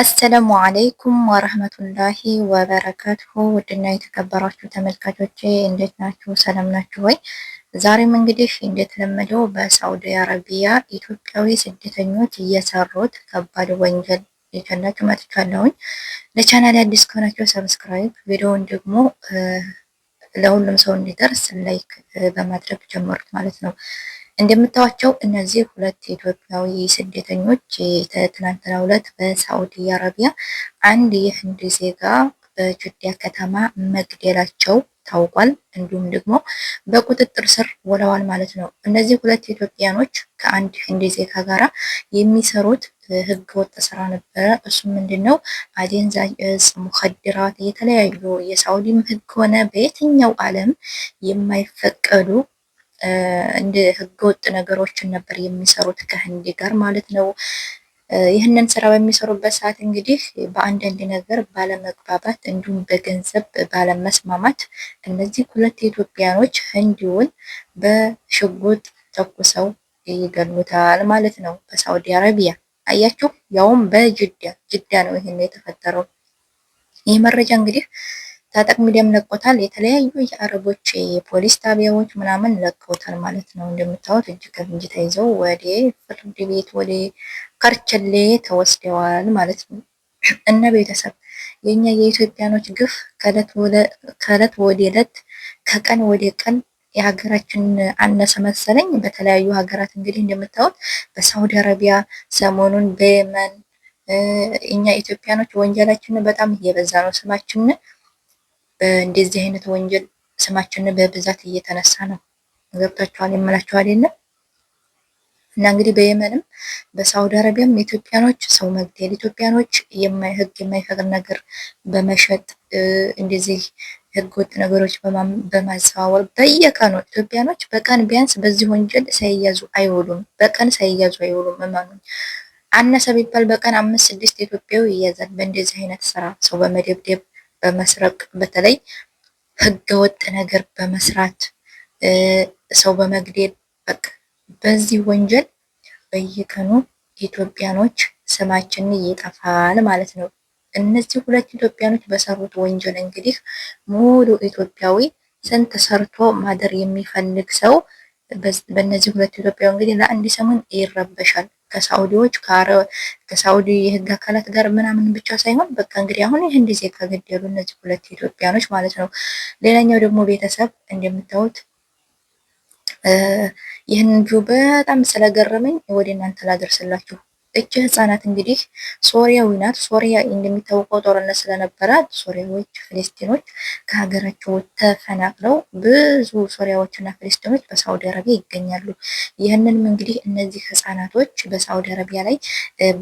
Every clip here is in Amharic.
አሰላሙ አለይኩም ወረህመቱላሂ ወበረካቱሁ ውድና የተከበራችሁ ተመልካቾቼ እንዴት ናችሁ? ሰላም ናችሁ ወይ? ዛሬም እንግዲህ እንደተለመደው በሳውዲ አረቢያ ኢትዮጵያዊ ስደተኞች እየሰሩት ከባድ ወንጀል ይዤላችሁ መጥቻለሁኝ። ለቻናል አዲስ ከሆናችሁ ሰብስክራይብ፣ ቪዲዮውን ደግሞ ለሁሉም ሰው እንዲደርስ ላይክ በማድረግ ጀምሩት ማለት ነው። እንደምታዋቸው እነዚህ ሁለት ኢትዮጵያዊ ስደተኞች ትናንትናው ሁለት በሳዑዲ አረቢያ አንድ የህንድ ዜጋ በጅዳ ከተማ መግደላቸው ታውቋል። እንዲሁም ደግሞ በቁጥጥር ስር ውለዋል ማለት ነው። እነዚህ ሁለት ኢትዮጵያኖች ከአንድ ህንድ ዜጋ ጋራ የሚሰሩት ህገ ወጥ ስራ ነበረ። እሱ ምንድን ነው? አደንዛዥ እጽ፣ ሙኸድራት፣ የተለያዩ የሳውዲም ህግ ሆነ በየትኛው ዓለም የማይፈቀዱ እንደ ህገወጥ ነገሮችን ነበር የሚሰሩት ከህንድ ጋር ማለት ነው። ይህንን ስራ በሚሰሩበት ሰዓት እንግዲህ በአንዳንድ ነገር ባለመግባባት እንዲሁም በገንዘብ ባለመስማማት እነዚህ ሁለት ኢትዮጵያኖች ህንዲውን በሽጉጥ ተኩሰው ይገሉታል ማለት ነው። በሳውዲ አረቢያ አያችሁ፣ ያውም በጅዳ ጅዳ ነው ይህን የተፈጠረው። ይህ መረጃ እንግዲህ ታጠቅ ሚዲያም ለቆታል። የተለያዩ የአረቦች የፖሊስ ጣቢያዎች ምናምን ለቀውታል ማለት ነው። እንደምታዩት እጅ ከፍንጅ ተይዘው ወደ ፍርድ ቤት ወደ ከርቸሌ ተወስደዋል ማለት ነው። እና ቤተሰብ የኛ የኢትዮጵያኖች ግፍ ከእለት ወደ እለት ከቀን ወደ ቀን የሀገራችን አነሰ መሰለኝ። በተለያዩ ሀገራት እንግዲህ እንደምታዩት በሳውዲ አረቢያ ሰሞኑን በየመን እኛ ኢትዮጵያኖች ወንጀላችን በጣም እየበዛ ነው ስማችን በእንደዚህ አይነት ወንጀል ስማችን በብዛት እየተነሳ ነው። ገብታችኋል የምላችሁ አይደለ? እና እንግዲህ በየመንም በሳውዲ አረቢያም ኢትዮጵያኖች ሰው መግደል ኢትዮጵያኖች ህግ የማይፈቅድ ነገር በመሸጥ እንደዚህ ህገ ወጥ ነገሮች በማዘዋወር በየቀኑ ኢትዮጵያኖች በቀን ቢያንስ በዚህ ወንጀል ሳይያዙ አይውሉም። በቀን ሳይያዙ አይውሉም። እመኑኝ አነሰ ቢባል በቀን አምስት ስድስት ኢትዮጵያዊ ይያዛል በእንደዚህ አይነት ስራ ሰው በመደብደብ በመስረቅ በተለይ ህገወጥ ነገር በመስራት ሰው በመግደል በቃ በዚህ ወንጀል በየቀኑ ኢትዮጵያኖች ስማችን ይጠፋል ማለት ነው። እነዚህ ሁለት ኢትዮጵያኖች በሰሩት ወንጀል እንግዲህ ሙሉ ኢትዮጵያዊ ስንት ሰርቶ ማደር የሚፈልግ ሰው በእነዚህ ሁለት ኢትዮጵያ እንግዲህ ለአንድ ሰሞን ይረበሻል። ከሳውዲዎች ከሳውዲ የህግ አካላት ጋር ምናምን ብቻ ሳይሆን በቃ እንግዲህ አሁን ይህን ጊዜ ከገደሉ እነዚህ ሁለት ኢትዮጵያኖች ማለት ነው። ሌላኛው ደግሞ ቤተሰብ እንደምታዩት ይህን በጣም ስለገረመኝ ወደ እናንተ ላደርስላችሁ እች ህጻናት እንግዲህ ሶሪያዊ ናት። ሶሪያ እንደሚታወቀው ጦርነት ስለነበረ ሶሪያዎች፣ ፍልስጤኖች ከሀገራቸው ተፈናቅለው ብዙ ሶሪያዎችና ፍልስጤኖች በሳውዲ አረቢያ ይገኛሉ። ይህንንም እንግዲህ እነዚህ ህጻናቶች በሳውዲ አረቢያ ላይ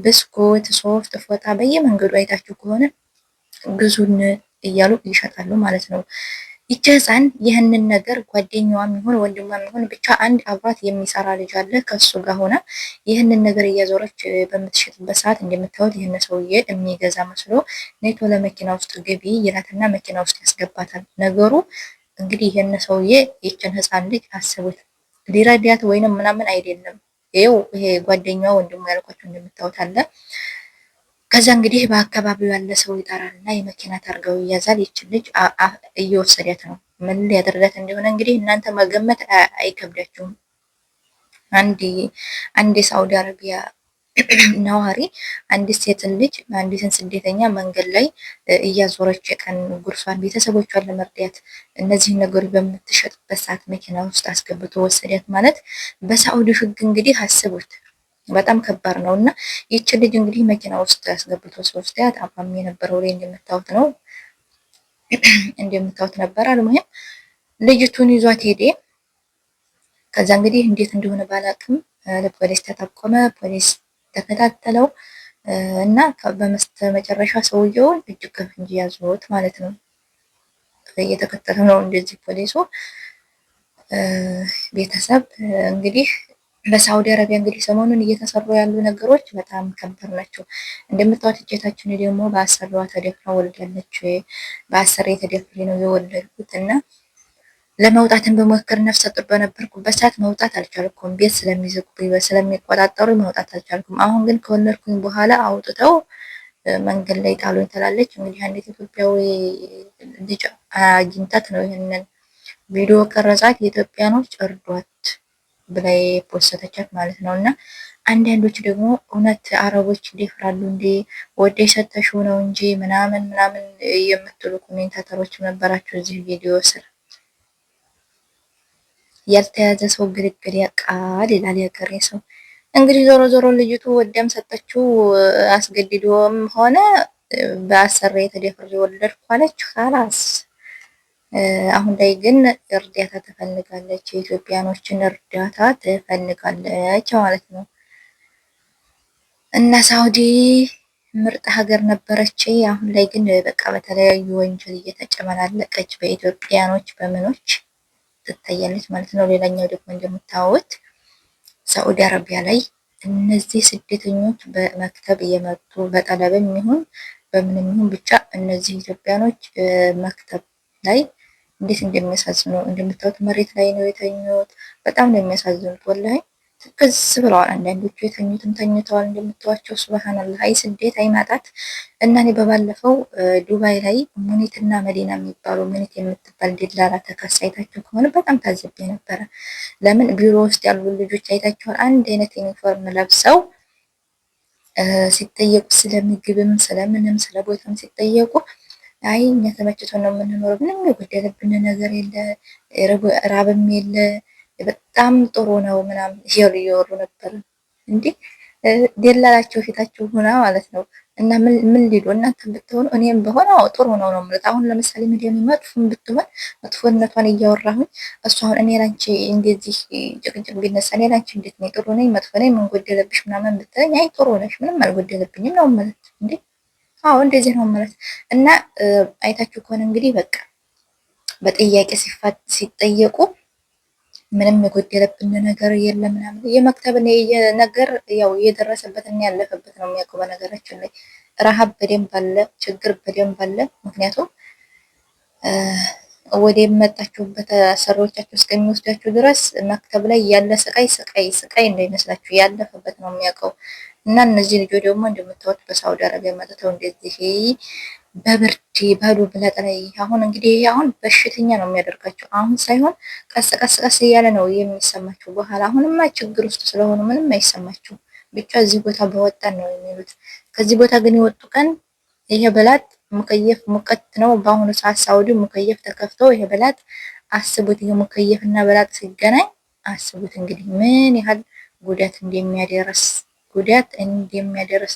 ብስኩት፣ ሶፍት፣ ፎጣ በየመንገዱ አይታችሁ ከሆነ ግዙን እያሉ ይሸጣሉ ማለት ነው። ይቺ ህፃን ይህንን ነገር ጓደኛዋም ይሁን ወንድሟም ይሁን ብቻ አንድ አብሯት የሚሰራ ልጅ አለ። ከሱ ጋር ሆና ይህንን ነገር እያዞረች በምትሸጥበት ሰዓት እንደምታዩት ይህን ሰውዬ የሚገዛ መስሎ ኔቶ ለመኪና ውስጥ ግቢ ይላትና መኪና ውስጥ ያስገባታል። ነገሩ እንግዲህ ይህን ሰውዬ ይችን ህፃን ልጅ አስቡት፣ ሊረዳት ወይንም ምናምን አይደለም። ይው ይሄ ጓደኛዋ ወንድሙ ያልኳቸው እንደምታዩት አለ ከዛ እንግዲህ በአካባቢው ያለ ሰው ይጠራል እና የመኪና ታርጋው ይያዛል። ይችን ልጅ እየወሰደት ነው። ምን ሊያደርጋት እንደሆነ እንግዲህ እናንተ መገመት አይከብዳችሁም። አንድ የሳውዲ አረቢያ ነዋሪ አንድ ሴትን ልጅ አንዲትን ስደተኛ መንገድ ላይ እያዞረች የቀን ጉርሷን ቤተሰቦቿን ለመርዳት እነዚህን ነገሮች በምትሸጥበት ሰዓት መኪና ውስጥ አስገብቶ ወሰዳት ማለት በሳዑዲ ሕግ እንግዲህ አስቡት። በጣም ከባድ ነው እና ይቺ ልጅ እንግዲህ መኪና ውስጥ ያስገብቶ ሶስት ያት አባሚ የነበረው ላይ እንደምታወት ነው እንደምታወት ነበር። አልሙሄም ልጅቱን ይዟት ሄደ። ከዛ እንግዲህ እንዴት እንደሆነ ባላቅም ለፖሊስ ተጠቆመ። ፖሊስ ተከታተለው እና በመጨረሻ ሰውየውን እጅ ከፍንጅ ያዙት ማለት ነው። እየተከተለ ነው እንደዚህ ፖሊሱ ቤተሰብ እንግዲህ በሳውዲ አረቢያ እንግዲህ ሰሞኑን እየተሰሩ ያሉ ነገሮች በጣም ከባድ ናቸው። እንደምታወት እጀታችን ደግሞ በአሰሯ ተደፍራ ወልዳለች። በአሰሬ ተደፍሬ ነው የወለድኩት እና ለመውጣትን በሞክር ነፍሰ ጡር በነበርኩበት ሰዓት መውጣት አልቻልኩም። ቤት ስለሚዘጉብኝ ስለሚቆጣጠሩ መውጣት አልቻልኩም። አሁን ግን ከወለድኩኝ በኋላ አውጥተው መንገድ ላይ ጣሉኝ ትላለች። እንግዲህ አንዲት ኢትዮጵያዊ ልጅ አግኝታት ነው ይህንን ቪዲዮ ቀረጻት። የኢትዮጵያኖች እርዷት። ብላ የፖሰተቻት ማለት ነው። እና አንዳንዶች ደግሞ እውነት አረቦች እንዲፍራሉ እንዲ ወደ የሰጠሽው ነው እንጂ ምናምን ምናምን የምትሉ ኮሜንታተሮች ነበራቸው እዚህ ቪዲዮ ስር። ያልተያዘ ሰው ግልግል ያቃል ይላል ያገሬ ሰው። እንግዲህ ዞሮ ዞሮ ልጅቱ ወደም ሰጠችው አስገድዶም ሆነ በአሰሬ ተደፍሬ ወለድኩ አለች። ካላስ አሁን ላይ ግን እርዳታ ትፈልጋለች። የኢትዮጵያኖችን እርዳታ ትፈልጋለች ማለት ነው። እና ሳውዲ ምርጥ ሀገር ነበረች። አሁን ላይ ግን በቃ በተለያዩ ወንጀል እየተጨመላለቀች በኢትዮጵያኖች በምኖች ትታያለች ማለት ነው። ሌላኛው ደግሞ እንደምታወት ሳዑዲ አረቢያ ላይ እነዚህ ስደተኞች በመክተብ እየመጡ በጠለብም ይሁን በምንም ይሁን ብቻ እነዚህ ኢትዮጵያኖች መክተብ ላይ እንዴት እንደሚያሳዝኑ እንደምታዩት መሬት ላይ ነው የተኙት። በጣም ነው የሚያሳዝኑት ወላሂ ትቅዝ ብለዋል። አንዳንዶቹ የተኙትም ተኝተዋል እንደምታዋቸው። ሱብሃንአላህ አይ ስደት አይ ማጣት እና እኔ በባለፈው ዱባይ ላይ ሙኒት እና መዲና የሚባሉ ሙኒት የምትባል ደላላ ተከስ አይታቸው ከሆነ በጣም ታዝቤ ነበረ። ለምን ቢሮ ውስጥ ያሉ ልጆች አይታቸዋል አንድ አይነት ዩኒፎርም ለብሰው ሲጠየቁ ስለምግብም ስለምንም ስለቦታም ሲጠየቁ አይ እኛ ተመችቶን ነው የምንኖረው፣ ምንም የጎደለብን ነገር የለ፣ ራብም የለ፣ በጣም ጥሩ ነው ምናምን እያሉ እያወሩ ነበር። እንዴ ደላላቸው ፊታቸው ሆና ማለት ነው። እና ምን ሊሉ እናንተ ብትሆኑ እኔም በሆነ ጥሩ ነው ነው ማለት አሁን ለምሳሌ ሚዲያም መጥፎም ብትሆን መጥፎነቷን እያወራሁኝ እሱ አሁን እኔ ላንቺ እንደዚህ ጭቅጭቅ ቢነሳ እኔ ላንቺ እንዴት ነው ጥሩ ነኝ መጥፎ ነኝ ምን ጎደለብሽ ምናምን ብትለኝ አይ ጥሩ ነሽ ምንም አልጎደለብኝም ነው ማለት እንዴ አዎ እንደዚህ ነው ማለት እና አይታችሁ ከሆነ እንግዲህ በቃ በጥያቄ ሲፋት ሲጠየቁ ምንም የጎደለብን ነገር የለም ምናምን የመክተብ ነገር ያው የደረሰበትና ያለፈበት ነው የሚያውቀው። በነገራችን ላይ ረሃብ በደንብ አለ፣ ችግር በደንብ አለ። ምክንያቱም ወደ የመጣችሁበት አሰሪዎቻችሁ እስከሚወስዳችሁ ድረስ መክተብ ላይ ያለ ስቃይ ስቃይ ስቃይ እንዳይመስላችሁ ያለፈበት ነው የሚያውቀው። እና እነዚህ ልጆች ደግሞ እንደምታዩት በሳውዲ አረቢያ መጥተው እንደዚህ በብርድ በዱብ ላይ አሁን እንግዲህ ይሄ አሁን በሽተኛ ነው የሚያደርጋቸው። አሁን ሳይሆን ቀስ ቀስ ቀስ እያለ ነው የሚሰማቸው። በኋላ አሁንማ ችግር ውስጥ ስለሆኑ ምንም አይሰማቸው። ብቻ እዚህ ቦታ በወጣን ነው የሚሉት። ከዚህ ቦታ ግን የወጡ ቀን ይሄ በላት ሙከየፍ ሙቀት ነው። በአሁኑ ሰዓት ሳውዲ ሙከየፍ ተከፍተው ይሄ በላት አስቡት። ይሄ ሙከየፍ እና በላት ሲገናኝ አስቡት እንግዲህ ምን ያህል ጉዳት እንደሚያደርስ ጉዳት እንደሚያደርስ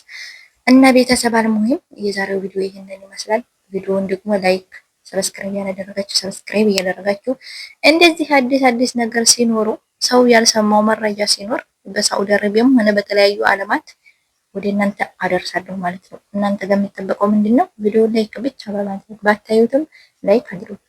እና ቤተሰብ አልሙሂም የዛሬው ቪዲዮ ይህንን ይመስላል። ቪዲዮውን ደግሞ ላይክ፣ ሰብስክራይብ ያላደረጋችሁ ሰብስክራይብ እያደረጋችሁ እንደዚህ አዲስ አዲስ ነገር ሲኖሩ ሰው ያልሰማው መረጃ ሲኖር በሳውዲ አረቢያም ሆነ በተለያዩ ዓለማት ወደ እናንተ አደርሳለሁ ማለት ነው። እናንተ ጋር የሚጠበቀው ምንድን ነው? ቪዲዮ ላይክ ብቻ በማድረግ ባታዩትም ላይክ አድርጉ።